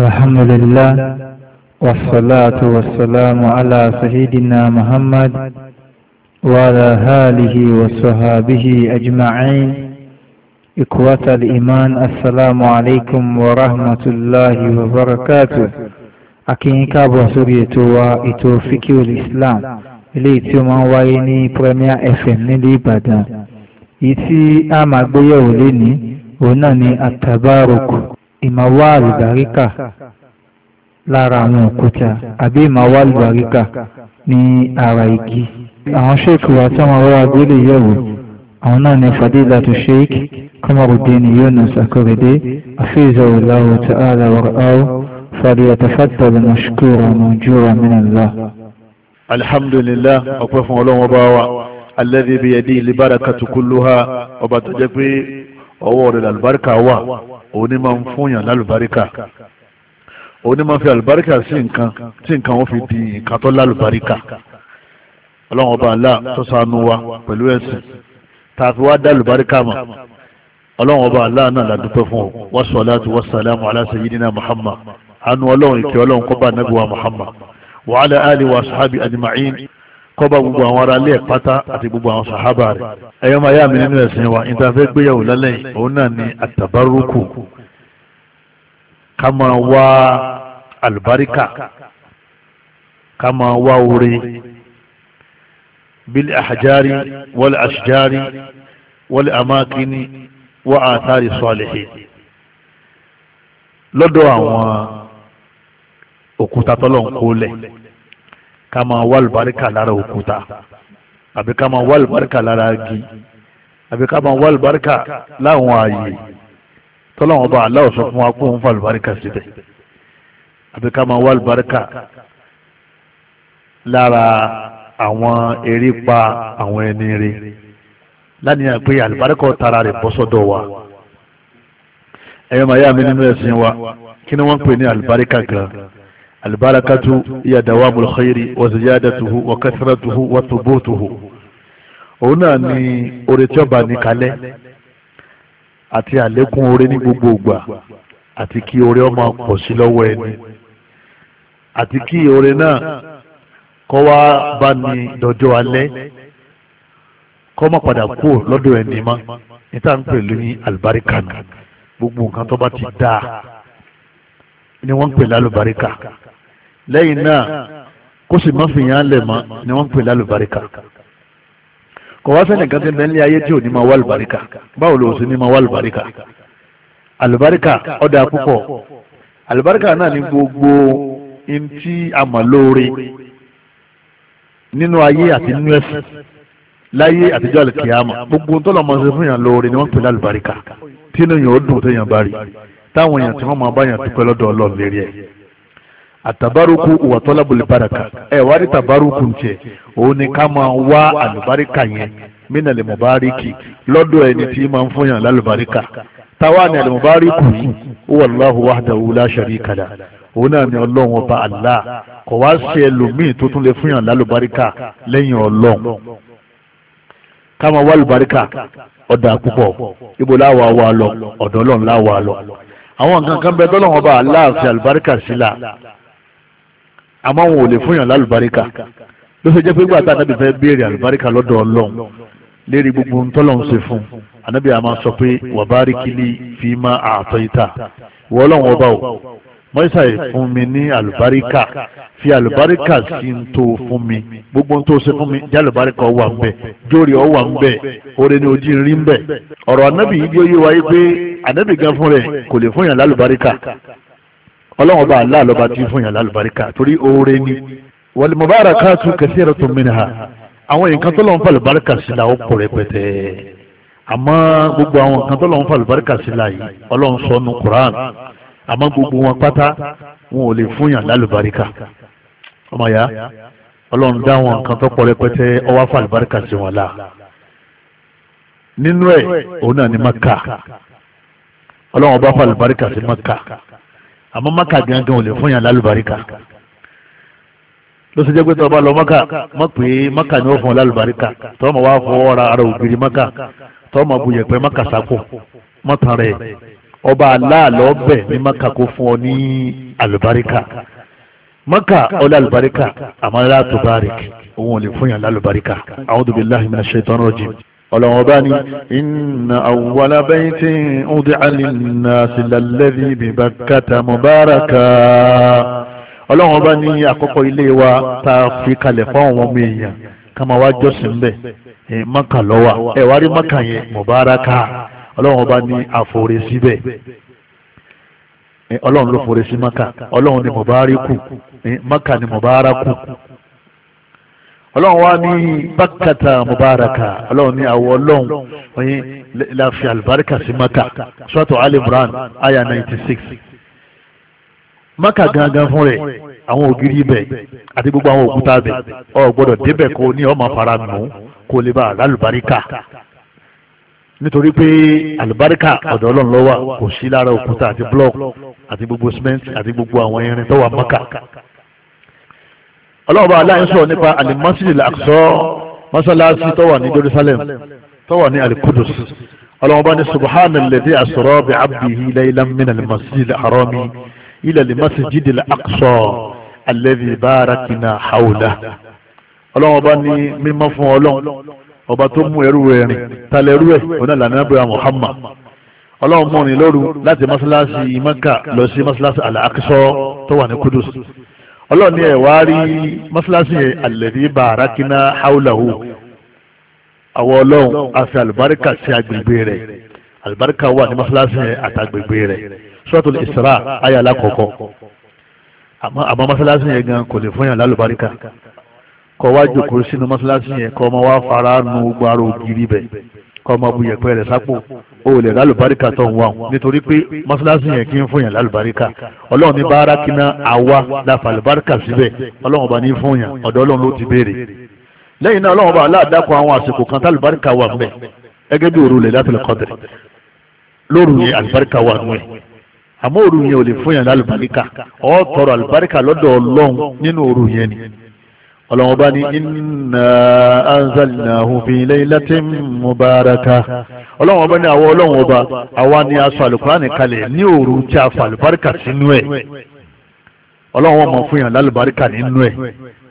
الحمد لله والصلاة والسلام على سيدنا محمد وعلى آله وصحابه أجمعين إخوة الإيمان السلام عليكم ورحمة الله وبركاته أكينك أبو سورية وإتوفيك الإسلام إليتي من ويني بريمير FM nílé Ìbàdàn. Ìtí àmàgbéyẹ̀wò lẹ́ni òun náà ìmàwá àlùbáríkà lára àwọn òkúta àbí ìmàwá àlùbáríkà ní ara igi àwọn sheik wa tí wọn wá gbélé yẹ̀wò àwọn náà ní fadilatu sheik Kamaruddin Yunus Akorede afizahullahu ta'ala wara'ahu falyatafaddal mashkura ma'jura minallah. alhamdulillah ọpẹ́ fún Ọlọ́run ọba wa alladhi biyadihi al-barakatu kulluha ọba tó jẹ́ pé ọwọ́ rẹ̀ làlùbáríkà wà òun ni máa ń fúnyàn lálùbáríkà òun ni máa fi àlùbáríkà sí nǹkan tí nǹkan wọn fi di nǹkan tó lálùbáríkà ọlọ́run ọba Allah tó ṣàánú wa pẹ̀lú ẹ̀sìn tá a fi wá dá àlùbáríkà mọ̀ ọlọ́run ọba Allah náà la dúpẹ́ fún ọ wassalatu wassalamu ala sayyidina Muhammad anu ọlọ́run ìkẹ́ ọlọ́run kó bá ànábì wa Muhammad wa ala ali wa sahabi ajma'in kó bá gbogbo àwọn ará ilé ẹ̀ pátá àti gbogbo àwọn sàhábà rẹ̀ ẹ̀yọ́ máa yá mi nínú ẹ̀sìn wa ìtafẹ́ gbéyàwó lálẹ́ òun náà ni àtàbárúkù ká máa wá àlùbáríkà ká máa wá oore bíl àhàjárí wal àṣìjárí wal àmákíní wà àtàrí sọ́ọ̀lẹ̀hì lọ́dọ̀ àwọn òkúta tọ́lọ̀ ń kólẹ̀ ká máa wá àlùbáríkà lára òkúta àbí ká máa wá àlùbáríkà lára igi àbí ká máa tọ́lọ́wọ́n bá aláwọ̀ sọ fún wa kó ń fa àlùbáríkà síbẹ̀ àbí ká máa wá àlùbáríkà lára àwọn eré pa àwọn ẹni rè lánìyàn pé àlùbáríkà tara rẹ̀ bọ́ sọ́dọ̀ wa ẹ̀yọ́ màyá mi nínú ẹ̀sìn wa kí ni wọ́n pè ní àlùbáríkà gan àlùbáríkà tu iya dawamul khayri wa ziyadatuhu wa kasratuhu wa thubutuhu òun náà ni oore tí ọba ní kalẹ́ àti àlékún oore ní gbogbo ìgbà àti kí oore ó máa pọ̀ sí lọ́wọ́ ẹni àti kí oore náà kó wá bá ní dọjọ́ alẹ́ kó má padà kú lọ́dọ̀ ẹni mọ́ níta ń pè lóyún àlùbáríkà nù gbogbo nǹkan tó bá ti dáa ni wọ́n ń pè lálùbáríkà lẹ́yìn náà kó sì má fìyàn lẹ̀ mọ́ ni wọ́n ń pè lálùbáríkà kò wá sẹ́ni kan tí ń bẹ nílé ayé tí ò ní máa wá àlùbáríkà báwo ló sì ní máa wá àlùbáríkà àlùbáríkà ọ̀dà púpọ̀ àlùbáríkà náà ní gbogbo ntí àmàlóore nínú ayé àti nínú ẹ̀sìn láyé àtijọ́ àlùkìyàmà gbogbo tó lọ́mọ ṣe fún yàn lóore ni wọ́n pè ní àlùbáríkà tí inú yàn ó dùn tó yàn bá rí táwọn èèyàn tí wọ́n máa bá yàn dúpẹ́ lọ́dọ̀ ọlọ́ọ̀ àtàbárùkù wà tọ́lábùlì baraka ẹ wá rí tàbárùkù tiẹ̀ òun ni ká máa wá àlùbáríkà yẹn mínà lè mọ̀báríkì lọ́dọ̀ ẹni tí máa ni àlùmọ̀báríkù yìí wahdahu la sharika la òun ni ọlọ́run ọba Allah kò wá sí ẹlòmíì tó tún lè fún yàn lálùbáríkà lẹ́yìn ọlọ́run ká máa wá àlùbáríkà odolon púpọ̀ ibo láwa wa lọ ọ̀dọ̀ Allah àti àlùbáríkà sí àmọ́ wọn ò lè fún yàn lálùbáríkà ló ṣe jẹ́ pé gbàtà ànábì fẹ́ béèrè àlùbáríkà lọ́dọ̀ ọlọ́run lérí gbogbo ohun tọ́lọ́run ṣe fún ànábì àmọ́ sọ pé wàbárìkìlì fíìmà àtọ́yìntà wọ́ọ́lọ́run ọba o mọ́ṣá yìí fún mi ní àlùbáríkà fi àlùbáríkà sí ń tó fún mi gbogbo ohun tó ṣe fún mi jẹ́ àlùbáríkà ọwà ń bẹ̀ jórí ọwà ń bẹ̀ oore ni ojú rí ń bẹ̀ ọ̀rọ̀ ànábì yìí bí ó yé wa pé ànábì gan fún rẹ̀ kò lè fún yàn lálùbáríkà ọlọ́run bá aláà lọ́ba tí fún yàn lálùbáríkà torí oore ni wal mubarakatu kathiratun minha àwọn nǹkan tó lọ́n fàlùbáríkà sí la ó pọ̀ rẹpẹtẹ àmọ́ gbogbo àwọn nǹkan tó lọ́n fàlùbáríkà sí la yìí ọlọ́run sọ nu Quran àmọ́ gbogbo wọn pátá wọn ò lè fún yàn lálùbáríkà ọmọ ya ọlọ́run dá àwọn nǹkan tó pọ̀ rẹpẹtẹ ó fàlùbáríkà sí wọn la nínú ẹ̀ òun náà ni Maka ọlọ́run bá fàlùbáríkà sí Maka àmọ́ maka gangan ò lè fún yàn lálùbáríkà ló ṣe jẹ́ pé tọ́ba lọ maka mọ̀ pé maka ni ó fún ọ lálùbáríkà tọ́mọ wá fọwọ́ ra ara ògiri maka tọ́mọ bu yẹ̀pẹ̀ maka sako mọ́tàn rẹ̀ ọba aláàlọ́ bẹ̀ ní maka kó fún ọ ní àlùbáríkà maka ọlẹ́ àlùbáríkà àmọ́ látùbáríkì òun ò lè fún yàn lálùbáríkà a'udhu billahi minash shaitanir rajim ọlọ́run ọba ní inna awwala baytin udi'a linnasi lalladhi bi Bakkata mubaraka ọlọ́run ọba ní àkọ́kọ́ ilé wa tá a fi kalẹ̀ fún àwọn ọmọ èèyàn ká máa wá jọ́sìn bẹ́ẹ̀ Mákà lọ́wà ẹ̀ wá rí Mákà yẹn mubaraka ọlọ́run ọba ní àforí síbẹ̀ ọlọ́run ló forí sí Mákà ọlọ́run ní mubaraku Mákà ní mubaraku ọlọ́run wá ní bákàtà mubaraka ọlọ́run ní àwọ̀ ọlọ́run oyin láfi alibarika sí maka sọ́tò alimran aya ninety six maka gangan fún rẹ̀ àwọn ògiri ibẹ̀ àti gbogbo àwọn òkúta ibẹ̀ ọ gbọ́dọ̀ débẹ̀ kó ní ọmọ fara nù kó lè bá alibarika nítorí pé alibarika ọ̀dọ̀ ọlọ́run ló kò sí lára òkúta àti blọọkù àti gbogbo simenti àti gbogbo àwọn irin tó wà maka ọlọ́run bá aláìní sọ̀rọ̀ nípa alimọ́sílì àkùsọ́ mọ́sálásí tó wà ní Jerusalem tó wà ní alikudus ọlọ́run bá ní subahana lèdè àsọ̀rọ̀ bí abdihi laylan min alimọ́sílì àrọ́mi ilẹ̀ alimọ́sílì àkùsọ́ alẹ́bí bárakínà hawla ọlọ́run bá ní mímọ́ fún ọlọ́run ọba tó mú ẹrú rẹ̀ rìn talẹ̀ ẹrú ẹ̀ ọ̀nà lànà abúlé Muhammad ọlọ́run lóru láti mọ́sálásí Mẹ́kà lọ sí mọ́sálásí àlàkísọ́ tó wà ní kudus ọlọ́ọ̀ni ẹ̀ wá rí mọ́ṣáláṣí yẹn alladhi barakina hawlahu àwọn ọlọ́run àti àlùbáríkà sí agbègbè rẹ̀ àlùbáríkà wà ní mọ́ṣáláṣí yẹn àtàgbègbè rẹ̀ suratul Isra àyá alákọ̀ọ́kọ́ àmọ́ mọ́ṣáláṣí yẹn gan kò lè fún yàn lálùbáríkà kọ́ wá jòkó sínú mọ́ṣáláṣí yẹn kọ́ ọmọ wá fara nu gbàrò gírí bẹ́ẹ̀ kọ́ ọmọ bu yẹ̀pẹ̀ rẹ̀ sápò o lè lálùbáríkà tó ń wà wọn nítorí pé mọ́ṣáláṣí yẹn kì í fún yẹn lálùbáríkà ọlọ́run ní báárà kíná àwa la fàlùbáríkà síbẹ̀ ọlọ́run ọba ní fún yẹn ọ̀dọ̀ ọlọ́run ló ti béèrè lẹ́yìn náà ọlọ́run ọba aláàdákọ̀ àwọn àsìkò kan tálùbáríkà wà mẹ́ gẹ́gẹ́ bí òru Lailatul Qadr lóru yẹn àlùbáríkà wà mẹ́ àmọ́ òru yẹn ò lè fún yẹn lálùbáríkà ó tọrọ àlùbáríkà lọ́dọ̀ ọlọ́run nínú òru yẹn ni ọlọ́run bá ní inna anzalnahu fi laylatin mubarakah ọlọ́run ọba ní àwọ ọlọ́run ọba àwa ni a sọ àlùkùránì kalẹ̀ ní òru tí a fa àlùbáríkà sínú ẹ̀ ọlọ́run ọmọ fún yàn lálùbáríkà nínú ẹ̀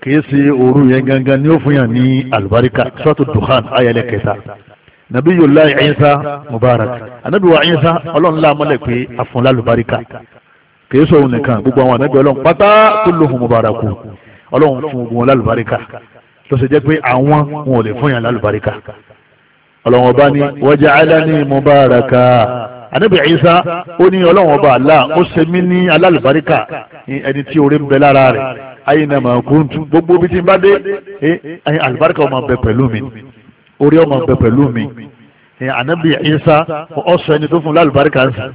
kìí ṣe òru yẹn gangan ni ó fún yàn ní àlùbáríkà suratu dukhan ayẹlẹ kẹta nabiyullahi Isa mubarak anabi wa Isa ọlọ́run láàmọ́lẹ̀ pé àfọ̀nlálùbáríkà kìí sọ òun nìkan gbogbo àwọn anabi ọlọ́run pátá kulluhum mubarakun ọlọ́run fún gbogbo wọn lálùbáríkà ló ṣe jẹ́ pé àwọn wọn ò lè fún yàn lálùbáríkà ọlọ́run ọba ní waja'alani mubaraka ànábì Ìsá ó ní ọlọ́run ọba àlá ó ṣe mí ní alálùbáríkà ẹni tí orí ń bẹ lára rẹ̀ ayé nàmà kúntù gbogbo bí ti bá dé alùbáríkà ọmọ bẹ pẹ̀lú mi orí ọmọ bẹ pẹ̀lú mi ànábì Ìsá ọ̀sọ̀ ẹni tó fún lálùbáríkà ń sìn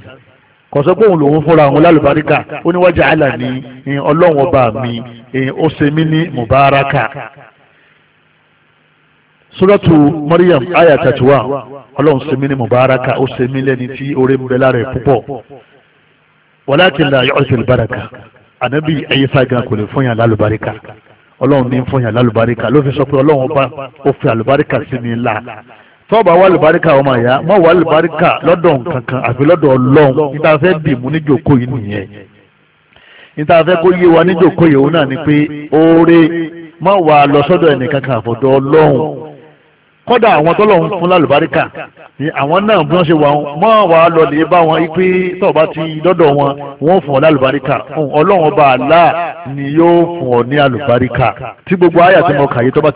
kò sọ pé òun lòun fúnra òun lálùbáríkà ó ní wájà àlà ní ọlọ́run ọba mi ó ṣe mí ní mubaraka. suratu Maryam aya tatuwa ọlọ́run ṣe mí ní mubaraka ó ṣe mí lẹ́ni tí oore ń bẹ lára ẹ̀ púpọ̀ walakin la yu'ti al-baraka ànábì Ìsá gan kò lè fún yàn lálùbáríkà ọlọ́run ní fún yàn lálùbáríkà ló fi sọ pé ọlọ́run ọba ó fi àlùbáríkà sí mi là tọ́ọ̀bà wà lùbáríkà ọmọ àyà mọ̀ wà lùbáríkà lọ́dọ̀ kankan àfi lọ́dọ̀ ọlọ́run níta fẹ́ dìmú níjòkó yìí nìyẹn níta fẹ́ kó yé wa níjòkó yìí òun náà ni pé oore mọ̀ wà lọ sọ́dọ̀ ẹnìkankan àfọ̀dọ̀ ọlọ́run kọ́dà àwọn tọ́lọ́run fún lálùbáríkà ni àwọn náà bí wọ́n ṣe wà mọ́ wàá lọ lè bá wọn pé tọ́ọ̀bá ti dọ́dọ̀ wọn wọ́n fún ọ lálùbáríkà ọlọ́run ọba àlá ni yóò fún ọ ní àlùbáríkà tí gbogbo àyà tí mo kà yìí tọ́ba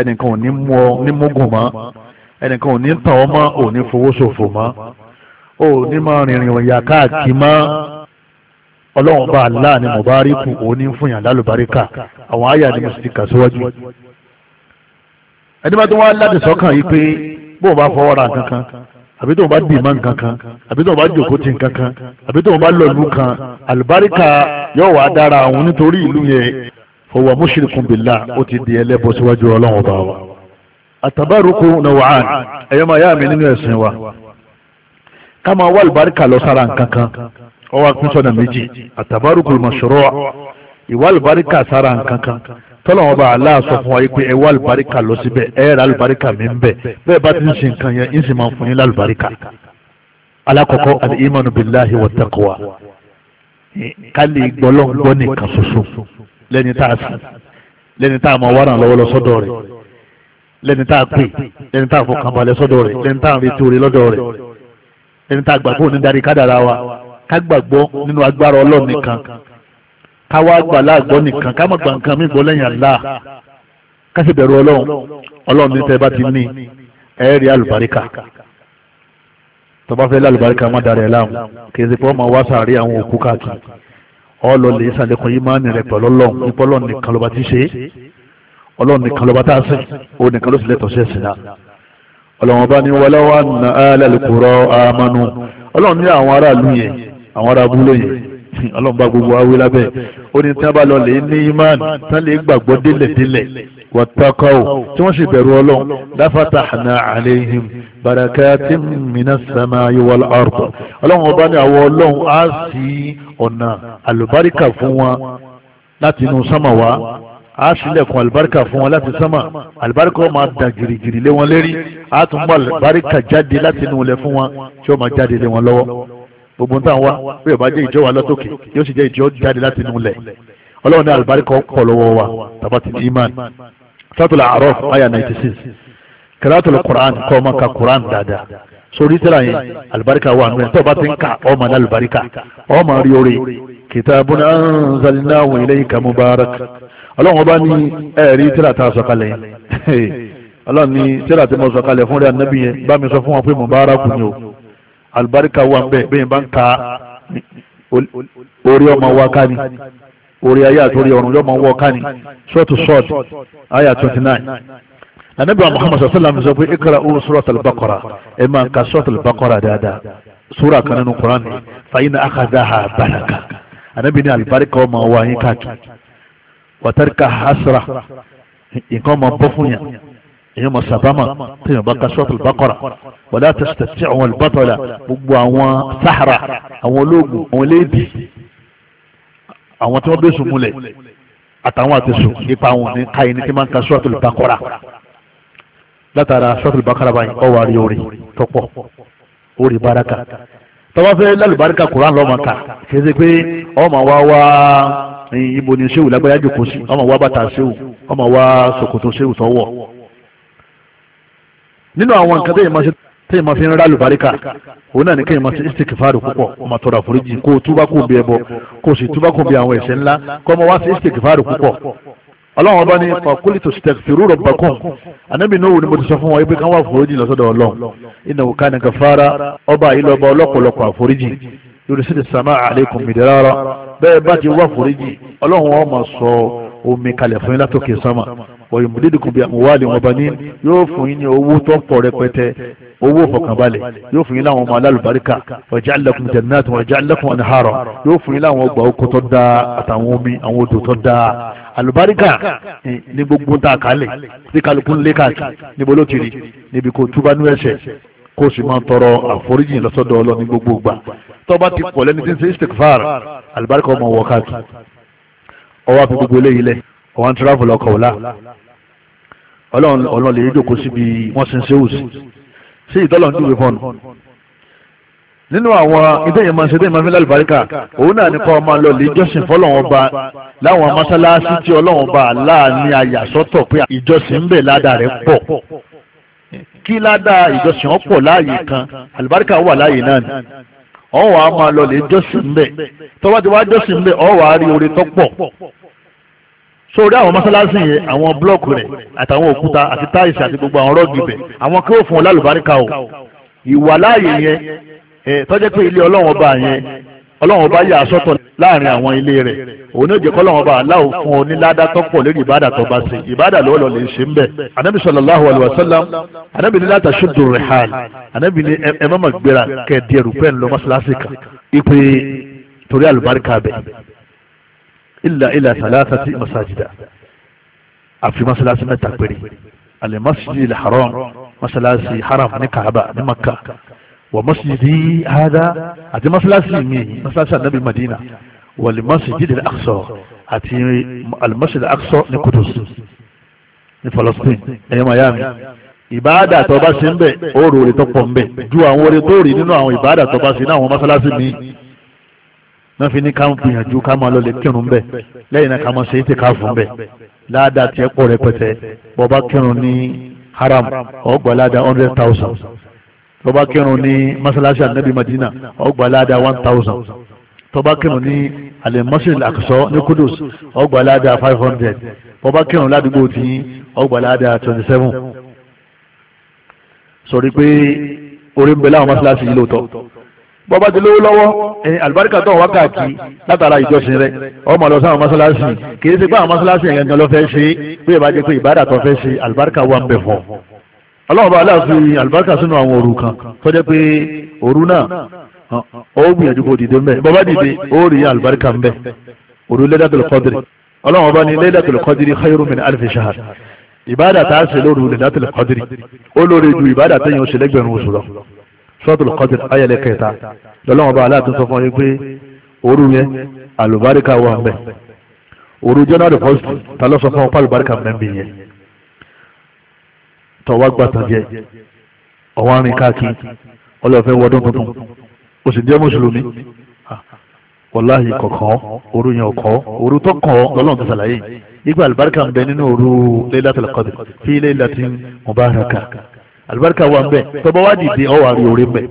ẹnìkan ò ní mú ọ ní mógùn mọ́ ẹnìkan ò ní tàn ọ́ mọ́ ò ní fowó ṣòfò mọ́ ò ní máa rìnrìn òyà káàkiri mọ́ ọlọ́run bá Allah ni mubariku òní fún yàn lálùbáríkà àwọn àyà ni mo sì ti kà síwájú. ẹni bá tó wá láti sọ́kàn yìí pé bóun bá fọwọ́ ra nǹkan kan àbí tó o bá dì mọ́ nǹkan kan àbí tó o bá jòkó ti nǹkan kan àbí tó o bá lọ ìlú kan àlùbáríkà yóò wá dára àwọn nítorí ìlú yẹn fọwọ́ mushrikun billah ó ti di ẹlẹ́bọ síwájú ọlọ́run ọba wa àtàbárùkù nàwàán ẹ̀yọ́ máa yá mi nínú ẹ̀sìn wa ká máa wá àlùbáríkà lọ sára nǹkan kan ọwọ́ akínsọ́nà méjì àtàbárùkù mashru' ìwà àlùbáríkà sára nǹkan kan tọ́lọ́wọ́n ọba Allah sọ fún wa yìí pé ẹ wá àlùbáríkà lọ síbẹ̀ ẹ ra àlùbáríkà mi ń bẹ̀ bẹ́ẹ̀ bá ti ń ṣe nǹkan yẹn ń sì máa fún yín lálùbáríkà alákọ̀ọ́kọ́ al-imanu billahi wa ká lè gbọ́ nìkan ṣoṣo lẹ́ni tá a sì lẹ́ni tá a mọ̀ wárà lọ́wọ́ lọ sọ́dọ̀ rẹ̀ lẹ́ni tá a pè lẹ́ni tá a fọkàn balẹ̀ sọ́dọ̀ rẹ̀ lẹ́ni tá a retí orí lọ́dọ̀ rẹ̀ lẹ́ni tá a gbàgbọ́ ní darí kádàrá wa ká gbàgbọ́ nínú agbára Ọlọ́run nìkan ká wá gbà láàgbọ́ nìkan ká má gbà nǹkan mí gbọ́ lẹ́yìn Allah ká sì bẹ̀rù Ọlọ́run Ọlọ́run ní tẹ́ bá ti ní ẹ̀ẹ́rì àlùbáríkà tọ́ba fẹ́ lálùbáríkà má darí ẹ̀ láwọn kì í ṣe pé ọmọ wa sàárè àwọn òkú káàkiri ọlọ lè sàlékún ìmánì rẹ pẹ̀lú ọlọ́run nípa ọlọ́run nìkan ló bá ti ṣe ọlọ́run nìkan ló bá tá a sìn òun nìkan ló sì lẹ́tọ̀ọ́ sí ẹ̀sìn náà ọlọ́run bá ní wọlé wà ní alẹ́lùkùrọ̀ amánú ọlọ́run ní àwọn aráàlú yẹn àwọn ará abúlé yẹn ọlọ́run bá gbogbo awé lábẹ́ ó ní tí wọ́n bá lọ ní ìmánì tí wọ́n lè gbàgbọ́ délẹ̀délẹ̀ wàtàkọ́wò tí wọ́n sì bẹ̀rù ọlọ́run láfàtàhánà àléhìm bàràkàtì mìíràn sàmà yíwọ́l ọ̀rọ̀ ọlọ́run ọba ní àwọn ọlọ́run á sí ọ̀nà àlùbáríkà fún wọn láti inú sánmà wá á sílẹ̀kùn àlùbáríkà fún wọn láti sánmà àlùbáríkà wọn máa dà gìrìgìrì lé wọn lérí á tún bọ́ àlùbáríkà jáde láti inú ilẹ̀ fún wọn tí ó máa jáde lé wọn lọ́wọ́ gbogbo nǹkan wa bí ó bá jẹ́ ìjọ wa lọ́tòkè yóò sì jẹ́ ìjọ jáde láti inú ilẹ̀ ọlọ́run ní àlùbáríkà ọ̀pọ̀ lọ́wọ́ wa tàbátì iman sátúlà àárọ̀ àyà 96 kẹrẹ́tùlù quran kọ́ ọmọ ka quran dáadáa sórí tẹ́lá yẹn alibarika wà nù ẹ̀ tọ́ bá ti ń ka ọmọ náà alibarika ọmọ rí orí ilayka mubarak ọlọ́run ọba ní ẹ̀rí tẹ́lá tá a sọ kalẹ̀ yẹn ọlọ́run ní tẹ́lá tí mo sọ kalẹ̀ anabi yẹn bá mi sọ fún wọn pé mubarak ni o alibarika wà ń bẹ̀ bẹ́ẹ̀ bá ń ka orí ọmọ orí ayé àtòrí ọ̀run yóò máa wọ kání sọ́ọ̀tù sọ́ọ̀tù ayé twenty nine anabi wa muhammad sallam sọ pé ikra o surat al-baqara ẹ máa ń ka surat al-baqara dáadáa sura kan nínú quran ni fàyínà akadaha baraka anabi ní alibarika ọmọ wa yín káàkiri wàtárika hasra nǹkan ọmọ bọ́ fún yàn èyàn mọ̀ sábàmà téèyàn bá ka surat al wàlá tẹsítẹsí àwọn albatala gbogbo àwọn sahara àwọn ológun àwọn eléyìí àwọn tí wọ́n bẹ́ẹ̀ sùn múlẹ̀ àtàwọn àtẹ̀sùn ipa àwọn ní ká ẹni tí máa ń ka suratul Baqara látara suratul Baqara báyìí ọwọ́ àrí orí tọ́pọ̀ orí baraka tọ́wọ́ fẹ́ lálùbáríkà Qur'an lọ́mọ ká kì í ṣe pé ọmọ wa wá ibo ni sehu lágbáyà jòkó sí ọmọ wa bàtà sehu ọmọ wa ṣòkòtò sehu tọ́wọ̀ nínú àwọn nǹkan tẹ́yìn máa ṣe tí ìmọ̀ fi ń rálù baríkà òun náà ní kí ìmọ̀ sí istikifáàrù púpọ̀ ọmọ tọrọ àforíjì kó o túbá kó o bí ẹbọ kó o sì túbá kó o bí àwọn ẹ̀ṣẹ̀ ńlá kó ọmọ wá sí istikifáàrù púpọ̀ ọlọ́run ọba ní fakulitu stekfiru rabbakum anabi nuhu ni mo ti sọ fún wọn ibi kan wà àforíjì lọ́sọ̀dọ̀ ọlọ́run innahu kana gafara ọba yìí lọ́ba ọlọ́pọ̀lọpọ̀ àforíjì lórí sí ti sàmà alaykum midrara bẹ́ẹ̀ bá ti wá àforíjì ọlọ́run ó sọ omi kalẹ̀ fún yín látòkè sánmà wọ̀nyí mọ̀dédìkùn bíi àmúwálì wọn bá ní yóò fún yín ní owó tó pọ̀ rẹpẹtẹ owó fọkànbalẹ̀ yóò fún yín láwọn ọmọ alálùbáríkà wàjà lẹkùn jẹnẹtì wàjà lẹkùn anahara yóò fún yín láwọn ọgbà oko tó dáa àtàwọn omi àwọn odò tó dáa alùbáríkà ní gbogbo tá a kálẹ̀ tí kálukú ń lé káàkiri níbo ló ti níbi kò túbá nú ẹ̀ṣẹ̀ kó o sì máa tọrọ àforíjìn lọ́sọ̀dọ̀ ọ̀wọ́n tíráfù lọ́kọ̀ ọ̀la ọlọ́run lè jókòó síbi wọ́n sin sehu sí sí ìtọ́lọ̀ ń dúwe fọ́nù nínú àwọn ìdẹ́yìn máa ń ṣe déyìn máa fi lálùbáríkà òun náà nípa ọmọ lọ lè jọ́sìn fọlọ́wọ́n ọba láwọn mọ́sálásí tí ọlọ́wọ́n ọba láàánú àyàsọ́tọ̀ pé ìjọsìn ń bẹ ládàá rẹ̀ pọ̀ kí ládàá ìjọsìn ọ̀pọ̀ láàyè kan àlùbáríkà wà láàyè náà ni ọ̀wọ́ a máa lọ lè jọ́sìn ń bẹ tọ́wọ́ so orí àwọn mọ́sálásí yẹn àwọn búlọ́ọ̀kù rẹ̀ àtàwọn òkúta àti táìsì àti gbogbo àwọn rọ́ọ̀gì bẹ̀ àwọn kí ó fún ọ lálùbáríkà o ìwà láàyè yẹn ẹ tọ́jẹ́ pé ilé ọlọ́run ọba yẹn ọlọ́run ọba yà sọ́tọ̀ láàrin àwọn ilé rẹ̀ òun yóò jẹ́ kọ́ ọlọ́run ọba aláwọ̀ fún ọ ní ládàtọ́ pọ̀ lórí ìbádà tó bá ṣe ìbádà lọ́wọ́ lọ lè ṣe ń bẹ̀. anabi sallallahu alayhi wa sallam anabi ní láti aṣojú rẹ̀ hàn anabi ní ẹ má má gbéra kẹ́ẹ̀dì ẹrù pẹ́ẹ́n lọ mọ́ṣáláṣí kan ìpè torí àlùbáríkà bẹ́ẹ̀ ilà ilà sàlásà sí masajida àfi masalasi mẹ́ta péré alẹ́ masjid haram masalasi haram ní kaaba ní maka wa masjidi hada àti masalasi mi masalasi anabi madina wa lè masjid al-aqsa àti al-masjid al-aqsa ní kudus ní palestine ẹ̀yẹ́ miami ìbáàdà tó bá ṣe ń bẹ̀ ó rò orí tó pọ̀ ń bẹ̀ ju àwọn orí tó rí nínú àwọn ìbáàdà tó bá ṣe ní àwọn masalasi mi náà fi ní ká ń gbìyànjú ká máa lọlẹ̀ kírun bẹ́ẹ̀ lẹ́yìn náà ká máa ṣe é ti ká fún bẹ́ẹ̀ ládàá tiẹ̀ pọ̀ rẹpẹtẹ bọ́ba kírun ní haram ọgbà ládàá hundred thousand tọba kírun ní masalasi anabi madina ọgbà ládàá one thousand tọba kírun ní alimọsílẹ àkùsọ ní kudus ọgbà ládàá five hundred tọba kírun ládùúgbò tí ọgbà ládàá twenty seven sọrí pé orí ń bẹ láwọn masalasi yìí lóòótọ́ bọ́bá ti lówó lọ́wọ́ àlùbáríkà tó wá káàkiri látara ìjọsìn rẹ ọmọ lọ sáwọn mọ́sálásì kì í ṣe pé àwọn mọ́sálásì yẹn gangan ló fẹ́ ṣe pé ìbá jẹ́ pé ìbádà tó fẹ́ ṣe àlùbáríkà wà ń bẹ̀ fọ́ ọlọ́run bá aláàfin àlùbáríkà sínú àwọn òru kan tó jẹ́ pé òru náà ó gbìyànjú kó dìde mbẹ bọ́bá dìde ó rí àlùbáríkà mbẹ òru lẹ́dàtò lọ́kọ́dìrì ọlọ́run bá ní sọ́tùlù kọ́dìrì ayẹlẹ kẹta lọ́lọ́wọ́n bá aláàtún sọ fún yín pé òru yẹn àlùbáríkà wà ń bẹ̀ òru january first ta ló sọ fún ọpá àlùbáríkà mẹ́mbì yẹn tọ́wọ́ gbàtàjẹ́ ọ̀wọ́n arìn káàkiri ọlọ́fẹ́ wọdún tuntun o sì jẹ́ mùsùlùmí wàláhì kọ̀kan òru yẹn ọ̀kọ́ òru tó kàn lọ́lọ́run ti sàlàyé nígbà àlùbáríkà ń bẹ nínú òru laylatul qadr fi laylatin mubaraka àlùbáríkà wà ń bẹ tọ́ba wá dìde ọ wà rí oore ń bẹ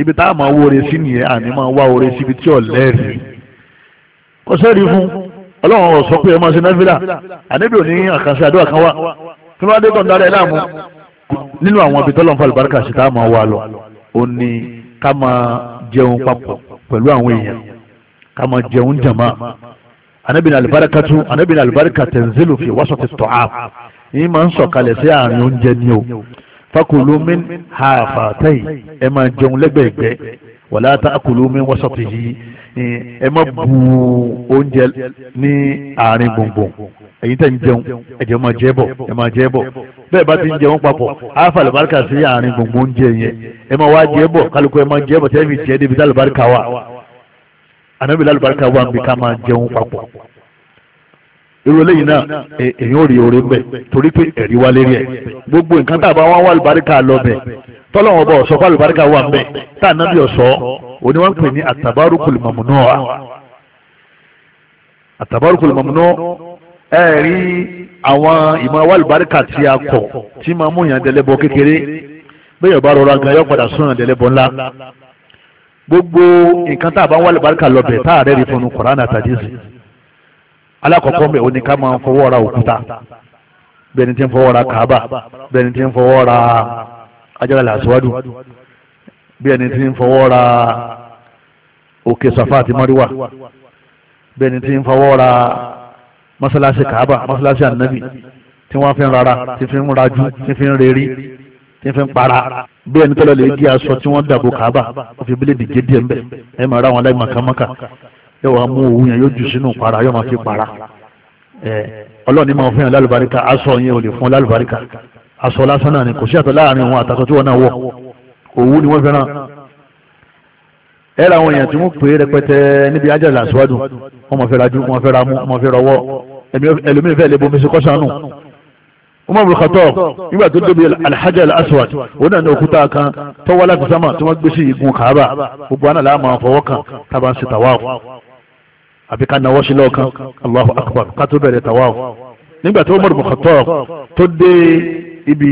ibi tá a máa wo oore sí nìyẹn àní máa wá oore síbi tí ò lẹ́rìí kò sẹ́rìí fún ọlọ́run ò sọ pé ẹ máa ṣe náfìlà àníbi ò ní àkànṣe àdúrà kan wá kí wọ́n á dé tọ̀ǹda rẹ̀ láàmú nínú àwọn ibi tọ́lọ́run àlùbáríkà sí tá a máa wá lọ ó ní ká máa jẹun papọ̀ pẹ̀lú àwọn èèyàn ká máa jẹun jàmá anabini alibarikatu anabini alibarika tẹnzilu fi wasọ ti tọ́ a yìí máa ń sọ̀kalẹ̀ sí àárín oúnjẹ ni o fakulumin hafatai ẹ máa jẹun lẹ́gbẹ̀ẹ́gbẹ́ wàlá takulumin wasatihi ẹ má bu oúnjẹ ní àárín gbùngbùn èyí tẹ̀ ń jẹun ẹ̀jẹ̀ máa jẹ́ bọ̀ ẹ máa jẹ́ bọ̀ bẹ́ẹ̀ bá ti ń jẹun papọ̀ àáfà àlùbáríkà sí àárín gbùngbùn oúnjẹ yẹn ẹ máa wá jẹ́ bọ̀ kálukú ẹ máa jẹ́ bọ̀ tẹ́lifí tiẹ́ débi tá àlùbáríkà wà ànábìlá àlùbáríkà wà ń ká máa jẹun papọ̀ irú eléyìí náà e-, èyàn ò rí oore mbẹ torí pé ẹ̀rí wá lérí ẹ̀ gbogbo nǹkan tá a bá wọn wá àlùbáríkà lọ bẹ̀ tọ́lọ́wọ́n bọ̀ ọ̀sọ́ àlùbáríkà wà mbẹ tá a nábì ọ̀sọ́ òní wọ́n ń pè ní àtàbárùkù lùmọ̀mùnú wa àtàbárùkù lùmọ̀mùnú ẹ rí àwọn ìmọ̀ wá àlùbáríkà tí a kọ̀ tí máa mú yàn délẹ́bọ kékeré bẹ́ẹ̀ yóò bá rọra gan yọ padà sún gbogbo nǹkan tá a bá wá àlùbáríkà lọ bẹ̀ tá a rẹ́ rí fún un Kùránì àtàdísì alákọ̀ọ́kọ́ bẹ̀ òní ká máa fọwọ́ ra òkúta bẹ́ẹ̀ ni tí ń fọwọ́ ra kaaba bẹ́ẹ̀ ni tí ń fọwọ́ ra ajára làṣíwájú bẹ́ẹ̀ ni tí ń fọwọ́ ra òkè safa àti mariwa bẹ́ẹ̀ tí ń fọwọ́ ra masalasi kaaba masalasi anabi tí wọ́n fi ń rara tí fi ń rajú tí fi ń reri tí fi ń para bẹ́ẹ̀ ni tọ́lọ́ lè gé aṣọ tí wọ́n dàbò kaaba wọ́n fi bíléèdì díẹ̀ ń ẹ̀ máa ra àwọn aláìmọ̀kàmọ́kà yóò wá mú òwú yẹn yóò jù sínú para yóò máa fi para ọlọ́ọ̀ni máa fún yàn lálùbáríkà aṣọ yẹn ò lè fún lálùbáríkà aṣọ lásán náà ni kò sí àtọ̀ láàrin òun àtàtọ̀ tí wọ́n náà wọ̀ òwú ni wọ́n fẹ́ràn ẹ̀rọ àwọn èèyàn tí wọ́n pè é rẹpẹtẹ níbi ajáde àṣọwádùn wọ́n mọ̀ fẹ́ ra jú wọ́n fẹ́ ra mú wọ́n fẹ́ ra ọwọ́ ẹlòmíràn fẹ́ lè bomi sí kọ́sánù umar bin khattab nígbà tó débi alhajar al-aswad òun náà ní òkúta kan tó wá láti sámà tí wọ́n gbé sí igun kaaba gbogbo àná làá máa fọwọ́ kan tábà ń ṣe tàwáàfù àbí ká nawọ́ sí lọ́ọ̀kan Allahu akbar ká tó bẹ̀rẹ̀ tàwa nígbà tó Umar bin Khattab tó dé ibi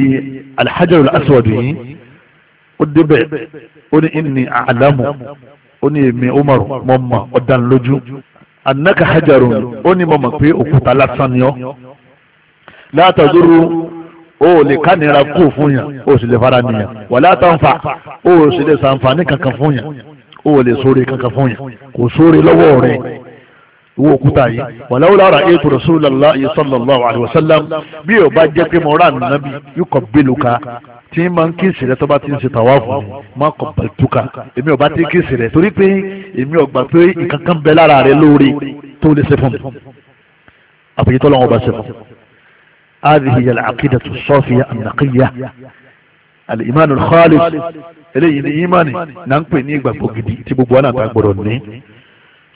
alhajar al-aswad yìí ó débẹ̀ ó ní inni a'lamu ó ní èmi Umar mọ́ mọ́ ọ̀dàn lójú annaka hajarun ó ní mo mọ̀ pé òkúta lásán ni ọ́ látàdúró o lè kánira kú fún yàn o sì lè fara nìyàn wà látàǹfà o sì lè sàǹfààní kankan fún yàn o lè sóore kankan fún yàn kò sóore lọ́wọ́ rẹ̀ owó òkúta yìí wàláwùlá ara ètò rasulullah yìí sallallahu alayhi wa sallam bí o bá jẹ́ pé mo rà nàbí yúkọ̀ bélùkà tí n máa ń kíìsì rẹ tó bá ti ń ṣe tàwáàfù ni máa kọ̀ bàtúkà èmi ò bá ti kíìsì rẹ torí pé èmi ò gbà pé nǹkan bẹ lára rẹ lóore tó lè ṣe fún mi àbúyí tó lọ́wọ́ bá ṣe fún mi. هذه هي العقيدة الصافية النقية الإيمان الخالص eléyìí ni ìmánì náà ń pè ní ìgbàgbọ́ gidi tí gbogbo wa náà ta gbọ́dọ̀ ní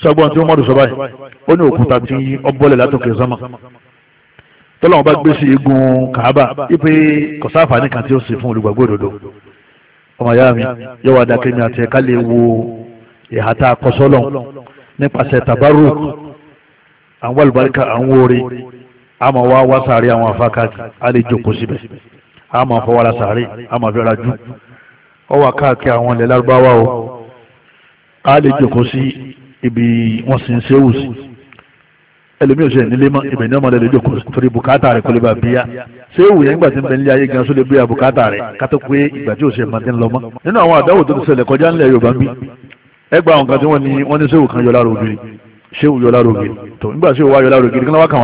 sọgbọn tí Umaru sọ báyìí ó ní òkúta tí ọbọlẹ látòkè sọmọ tọ́lọ́wọ́n bá gbé sí igun Kaaba ipe kọ̀sáfà nìkan tí ó sì fún olùgbàgbọ́ òdodo ọmọ ìyá mi yóò wá dákẹ́ mi àti ẹ̀ka lè wo ìhà tá a kọ́sọ́ lọ́hùn nípasẹ̀ tabaru àwọn alùbáríkà àwọn oore àmọ́ wá wá sàárè àwọn afákàtì á jókòó síbẹ̀ àmọ́ fọwọ́ra sàárè àmọ́ fẹ́ra jù ọwọ́ káàkiri àwọn ilẹ̀ lárúbáwá o á jókòó sí ibi wọ́n sì ń ṣe wù sí ẹlòmíì òṣèlú nílé mọ́ ibẹ̀ ní ọmọ rẹ̀ lójú kò torí bùkátà rẹ̀ kò lè bá bíyá ṣé ìwòye nígbà tí ń bẹ nílé ayé gan sólè bíyà bùkátà rẹ̀ kátó pé ìgbà tí òṣèlú máa ti ń lọ mọ́ nínú àwọn àdáwò tó ti ṣẹlẹ̀ kọjá ńlẹ̀ Yorùbá ń bí ẹgbàá àwọn kan tí wọ́n ní wọ́n ní ṣéwù kan yọ lára ṣéwù yọ lára tó nígbà ṣéwù wá yọ lára kí wọ́n kà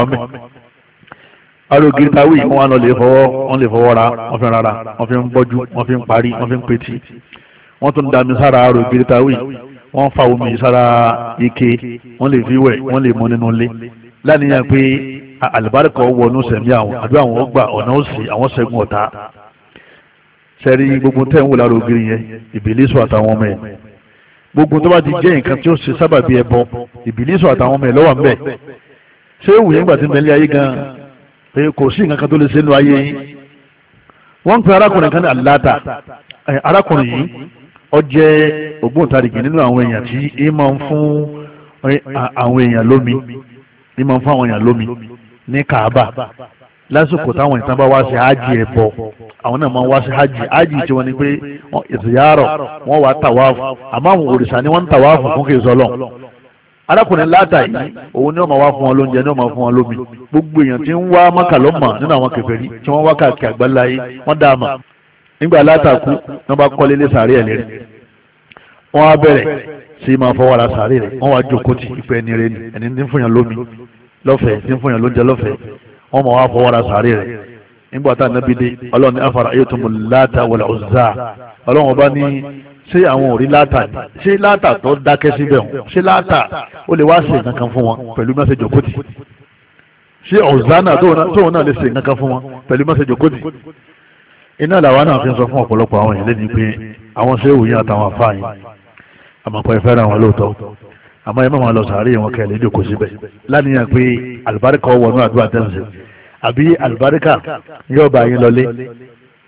wọ́n mẹ́ wọ́n fa omi sára ike wọ́n lè fi wẹ̀ wọ́n lè mọ nínú ilé láníyàn pé àlùbáríkà wọnú sẹ̀mí àwọn àbí àwọn ọgbà ọ̀nà òsì àwọn sẹ́gun ọ̀tá sẹ́rí gbogbo tẹ́ ń wò lára ògiri yẹn ìbílísù àtàwọn ọmọ ẹ̀ gbogbo tó bá ti jẹ́ nǹkan tí ó ṣe sábàbí ẹbọ ìbílísù àtàwọn ọmọ ẹ̀ lọ́wọ́ ń bẹ̀ ṣé òwú yẹn gbà tí mẹ́lẹ́ ayé gan pé kò sí nǹkan kan tó lè ṣe nínú ayé yín wọ́n ń pe arákùnrin kan ní aláta arákùnrin yìí ó jẹ́ ògbóǹtarìgì nínú àwọn èèyàn tí í máa ń fún àwọn èèyàn lómi í máa ń fún àwọn èèyàn lómi ní Kaaba lásìkò táwọn ìtàn bá wá sí hájì ẹbọ àwọn náà máa wá sí hájì hájì tí wọ́n ní pé ìsìyàrọ wọ́n wá tàwáàfù àmọ́ àwọn òrìṣà ni wọ́n ń tàwáàfù fún kí n sọ lọ arákùnrin láta òun ni wọn máa wá fún wọn lóúnjẹ ni wọn máa fún wọn lómi gbogbo èèyàn tí ń wá mọ́kàlọ́mà nínú àwọn kèfèrí tí wọ́n wá káàkiri àgbáláyé wọ́n dá a mọ̀ nígbà láta ni wọ́n bá kọ́lé lé sàárẹ̀ ẹ̀ lérí wọ́n á bẹ̀rẹ̀ sí máa fọwọ́ ara sàárè rẹ̀ wọ́n wá jókòó tí ìpẹ́ ẹni rẹ̀ ni ẹni tí ń fún yàn lómi lọ́fẹ̀ẹ́ tí ń fún yàn lóúnjẹ lọ́fẹ̀ẹ́ wọ́n máa wá fọwọ́ ara sàárè rẹ̀ nígbà tá ànábi dé ọlọ́run ní afara ayé tóun láta wal uzza ọlọ́run ọba ní ṣé àwọn òrí láta ni ṣé láta tó dákẹ́ síbẹ̀ hàn ṣé láta ó lè wá ṣe nǹkan kan fún wọn pẹ̀lú mẹ́sẹ̀ jókòó ṣé ọ̀zá náà tóun náà lè ṣe nǹkan kan fún wọn pẹ̀lú mẹ́sẹ̀ jókòó iná làwa náà fi ń sọ fún ọ̀pọ̀lọpọ̀ àwọn èèyàn pé àwọn ṣé òun yẹn àtàwọn àfáà àmọ́pọ̀ ẹ fẹ́ràn wọn lóòótọ́ àmọ́ ẹ má máa lọ sàárè wọn kẹ́ ẹ lè jókòó síbẹ̀ láníyàn pé àlùbáríkà wọnú àdúrà tẹ̀sán àbí àlùbáríkà yóò bá yín lọlé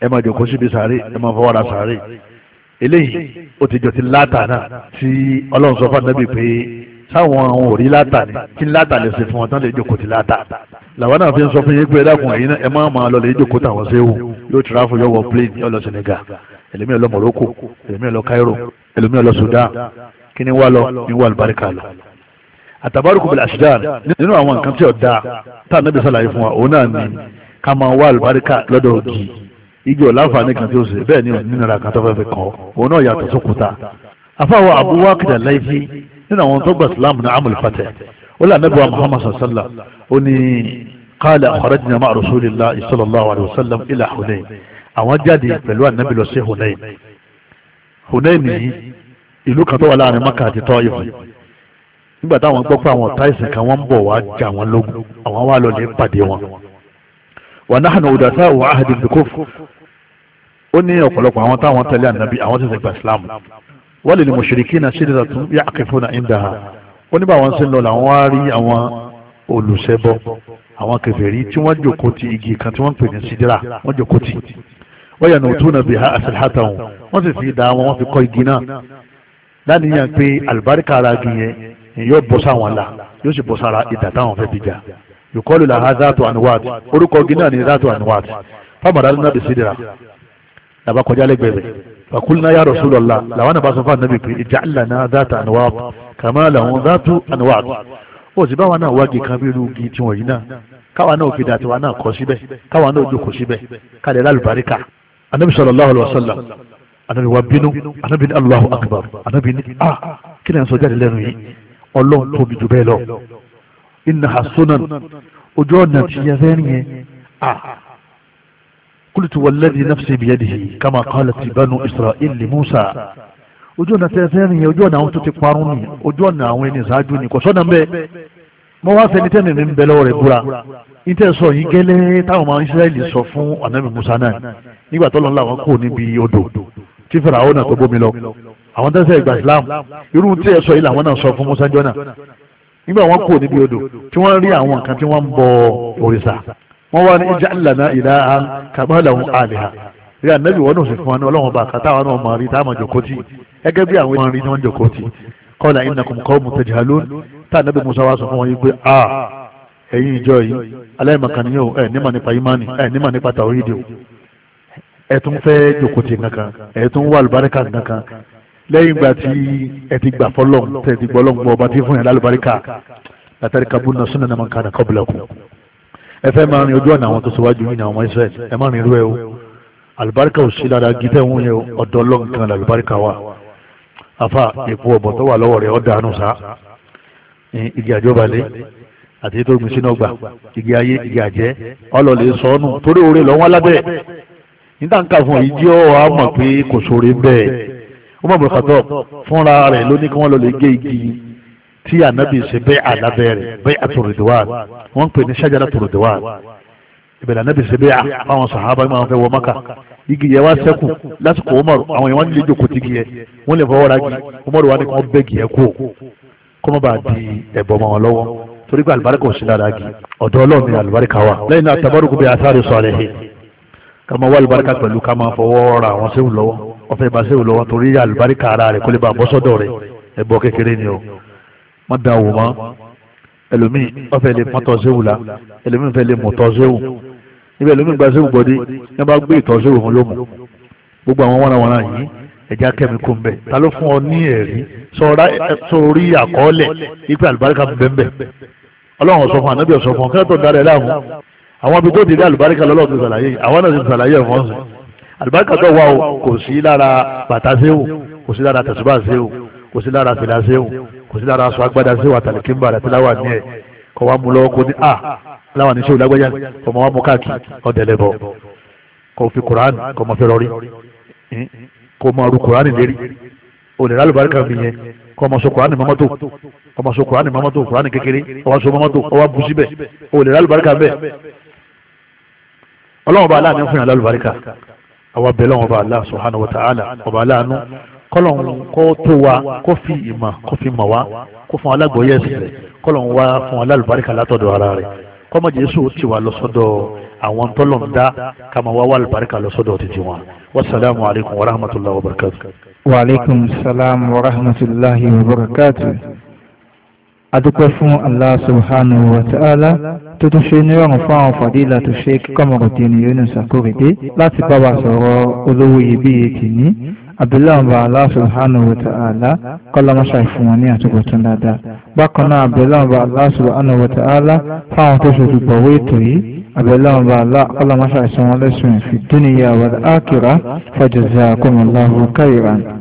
ẹ máa jókòó síbi sàárè ẹ máa fọwọ́ ra sàárè eléyìí ó ti jọ ti látà náà tí ọlọ́run sọ fún anábì pé sáwọn àwọn òrí látà ni kí látà lè ṣe fún wọn tán lè jókòó ti látà làwọn náà fi ń sọ fún yín pé ẹ dákun ẹ̀yin ẹ máa máa lọ lè jókòó tàwọn séwù yóò tìráfù yóò wọ plane yóò lọ Senegal ẹlòmíì lọ Morocco ẹlòmíì lọ Cairo ẹlòmíì lọ Sudan kí ni wà lọ ni wà lùbáríkà lọ àtàbárùkù bìlà sudan nínú àwọn nǹkan tí ó dáa tá a nábì sàlàyé fún wa òun náà ni ká máa wá àlùbáríkà lọ́dọ̀ ògì igi ọ̀láǹfààní kan tí ni nínú ra kan tó fẹ́ fi kàn ọ́ òun náà yàtọ̀ sókúta nínú àwọn tó gba islam ní amul fatẹ ó lè anábìwá muhammad sallam ó ní qala kharajna ma'a rasulillah sallallahu alayhi wa sallam ila hunayn àwọn jáde pẹ̀lú anábì lọ sí hunayn hunayn yìí ìlú kan tó wà láàrin maka àti Taif nígbà táwọn gbọ́ pé àwọn ọ̀tá ìsìn kan wọ́n ń bọ̀ wá jà wọ́n lógun àwọn wá lọ lè pàdé wọn. wa nahnu udasa wa ahadi al ó ní ọ̀pọ̀lọpọ̀ àwọn táwọn tẹ̀lé ànábì àwọn ti ṣe islam wọ́n lè mọ̀ṣẹ̀ríkì náà ṣẹlẹ̀ tún yá àkẹ́fọ́ náà ń dà á ó ní bá àwọn ṣe ń lọ làwọn á rí àwọn olùṣẹbọ àwọn kèfèrí tí wọ́n jòkó ti igi kan tí wọ́n ń pè ní sidira wọ́n jòkó ti wọ́n yànnà òtún náà bí ha àṣàlhàtà wọn wọ́n sì fi da wọn wọ́n fi kọ́ igi náà láníyàn pé àlùbáríkà ara igi yẹn yóò bọ́ sáwọn la yóò sì bọ́ sára ìdà táwọn fẹ́ fi jà yòkọ́lù là ha záàtò àníwáàtì orúkọ igi náà فقلنا يا رسول الله لو انا بصفى النبي في اجعل لنا ذات انواط كما لهم ذات انواط ó sì bá wa náà wági kan bírú igi tiwọn yìí náà káwa náà òkè dàtí wa náà kọ síbẹ̀ káwa náà jókòó síbẹ̀ kálẹ̀ lálùbáríkà anabi sallallahu alayhi wa sallam anabi wa bínú anabi ni allahu akbar anabi ni ah kí lẹ́yìn sọ jáde lẹ́nu yìí ọlọ́run tóbi jù bẹ́ẹ̀ lọ inna hasunan ojú ọ̀nà tìyẹ́ fẹ́ẹ́ nìyẹn ah قلت والذي نفسي بيده كما قالت بنو إسرائيل لموسى ojú ọ̀nà tẹ́tẹ́ nìyẹn ojú ọ̀nà àwọn tó ti parun ni ojú ọ̀nà àwọn ẹni ìsáájú ni kò sọ́nà mbẹ́ mo wá fẹ́ni tẹ́ni ní bẹ́lẹ́ ọ̀rẹ́ búra níta sọ yìí gẹ́lẹ́ táwọn ọmọ Ísírẹ́lì sọ fún anabi Musa náà nígbà tó lọ́nà làwọn kò níbi odò tí fẹ́rẹ̀ náà tó bómi lọ àwọn tẹ́sẹ̀ ìgbà Islam irú tí ẹ sọ yìí làwọn náà sọ fún Musa jọ́nà nígbà wọn kò níbi odò tí wọ́n rí àwọn nǹkan tí wọ́n ń bọ òrìṣà wọ́n wá ní ìjà ìlànà ìlà kàmáàlàhùn àlìhà ìyá nẹ́bí wọ́n náà sì fún wa ní ọlọ́run bá kàtà àwọn ọmọ rí táwọn jòkótì gẹ́gẹ́ bí àwọn ọmọ rí náà jòkótì kọ́lá innakum qawmun tajhalun tá nẹ́bí musa wá sọ fún wọn yìí pé a ẹ̀yin ìjọ yìí aláìmọ̀kànnìyàn ẹ̀ nímọ̀ nípa imani ẹ̀ nímọ̀ nípa tàwídìí o ẹ̀ tún fẹ́ jòkótì kankan ẹ̀ tún wà lùbáríkà kankan lẹ́yìn ìgbà tí ẹ ti gbà fọlọ́n tẹ̀ ti gbọ́ lọ́n ọba tí fún yàrá lùbáríkà látàrí kabúnà súnà náà kù ẹ fẹ́ máa rin ojú ọ̀nà àwọn tó ṣíwájú yìí ní àwọn ọmọ Israẹli ẹ má rin irú ẹ o àlùbáríkà ò sí lára gítẹ́ òun yẹn ọ̀dọ́ lọ́nkàn làlùbáríkà wà afa èpo ọ̀bọ̀ tó wà lọ́wọ́ rẹ̀ ọ̀dà àánú sá igi àjọbalẹ̀ àti ètò ogun sínú ọgbà igi ayé igi àjẹ́ ọlọ́lẹ̀ sọ́nù torí oore lọ́wọ́ alábẹ́ níta ń kà fún yìí jẹ́ ọ̀ á mọ̀ pé kò sóore bẹ́ẹ̀ ó mọ̀ bùrọ̀kàtọ̀ fúnra rẹ̀ ló kí wọ́n lọ lè gé igi tí ànábì ṣe bẹ́ẹ̀ àlábẹ́rẹ́ bẹ́ẹ̀ àtòrìdìwà wọ́n ń pè ní ṣájára tòrìdìwà ìbẹ̀rẹ̀ ànábì ṣe bẹ́ẹ̀ àwọn sàhábà máa ń fẹ́ wọ maka igi yẹn wá sẹ́kù lásìkò Umaru àwọn yẹn wá nílé jókòó ti gi yẹn wọ́n lè fọwọ́ra gi Umaru wá ní kí wọ́n bẹ́ gi yẹn kú kọ́ mọ́ bá di ẹ̀bọ̀ mọ́ wọn lọ́wọ́ torí pé àlùbáríkà ò sí lára gi ọ̀dọ̀ Ọlọ́run ni àlùbáríkà wà lẹ́yìn náà tabarúkú bí asáre sọ àlẹ́ ká wá àlùbáríkà pẹ̀lú ká fọwọ́ ra àwọn sẹ́wù lọ́wọ́ ọ̀fẹ́ ìbáṣẹ́wù lọ́wọ́ torí àlùbáríkà ara rẹ̀ kó lè bá bọ́sọ́dọ̀ rẹ̀ ẹ̀bọ̀ kékeré ni o má da wò mọ́ ẹlòmíì ọ̀fẹ́ lè pọ́n tọ́síwù la ẹlòmíì fẹ́ lè mú tọ́síwù níbi ẹlòmíì gba síwù gbọ́dé ní bá gbé ìtọ́síwù fún yóò mú gbogbo àwọn wọnàwọnà yìí ẹ̀já kẹ́mi kún bẹ́ẹ̀ ta ló fún ọ ní ẹ̀rí sọ̀rí àkọọ́lẹ̀ ipe àlùbáríkà bẹ́ẹ̀ ọlọ́run sọ fún anábìyà sọ fún kẹ́tọ̀ dára ẹ̀ láàmú àwọn ibi tó ti dé àlùbáríkà ti sàlàyé àwọn náà ti sàlàyé ẹ̀fọ́nsìn àlùbáríkà tó wà o kò sí lára bàtà séwò kò sí lára tẹ̀síbà séwò kò sí lára fìlà séwù kò sí lára aṣọ agbádá séwù àtàlẹ́kínbà àti láwà ní ẹ̀ kọ́ wa mú lọ́wọ́ kó ní a ah, láwà ní séwù lágbájá ọmọ wa mú káàkiri ọ̀dẹ̀lẹ̀bọ̀ kò fi Kùránì kò mọ̀ fẹ́ rọrí hmm? kò mọ̀ ru Kùránì lérí olè lálùbáríkà mi yẹn kọ́ ọmọ sọ Kùránì mọ́mọ́tò ọmọ sọ Kùránì mọ́mọ́tò Kùránì kékeré ọwọ́ sọ mọ́mọ́tò ọwọ́ bu síbẹ̀ olè lálùbáríkà bẹ́ẹ̀ ọlọ́run bá aláàánú fún yàn lálùbáríkà àwọn abẹ́lẹ́ wọn bá aláà subhanahu wa kọ́lọ̀n kó tó wa kó fi ìmọ̀ kó fi mọ̀ wá kó fún alágbóyè ẹ̀sìn rẹ̀ kọ́lọ̀n wá fún alálùbáríkà látọ̀dọ̀ ara rẹ̀ kọ́mọ jésù ti wà lọ́sọ́dọ̀ àwọn tọ́lọ̀n dá kàmá wá wà alùbáríkà lọ́sọ́dọ̀ títí wọn wasalaamu alaykum wa rahmatulahi wa barakatu. wa aleykum salaam wa rahmatulahi wa barakatu adúpẹ́ fún Allah subhanahu wa ta'ala tó tún ṣe ní ọ̀rùn fún àwọn fàdílà tó ṣe kíkọ́mọ̀rọ̀dé ní Yunus Akorede abdullahi ọba Allah subhanahu wa ta'ala kọ́lọ́ mọ́ṣá ìfún wọn ní àtúbọ̀ tún dáadáa bákan náà abdullahi ọba Allah subhanahu wa ta'ala fáwọn tó ṣe dùgbọ̀ wé ètò yìí abdullahi ọba Allah kọ́lọ́ mọ́ṣá ìsanwó lẹ́sùn fi dunya wal akhirah fa jazakumullahu khairan.